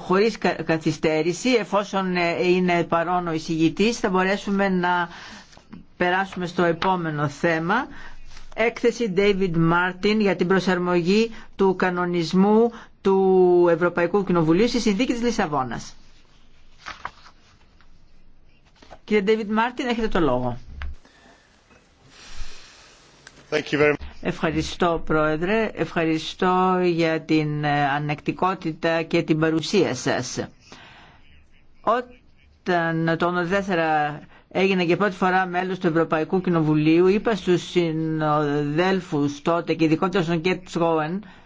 χωρίς καθυστέρηση εφόσον ε, είναι παρόν ο εισηγητής θα μπορέσουμε να περάσουμε στο επόμενο θέμα έκθεση David Martin για την προσαρμογή του κανονισμού του Ευρωπαϊκού Κοινοβουλίου στη συνθήκη της Λισαβόνας. Κύριε David Martin, έχετε το λόγο. Thank you Ευχαριστώ Πρόεδρε, ευχαριστώ για την ε, ανεκτικότητα και την παρουσία σας. Όταν το 2004 έγινε και πρώτη φορά μέλος του Ευρωπαϊκού Κοινοβουλίου, είπα στους συνοδέλφους τότε και ειδικότερα στον Κέτ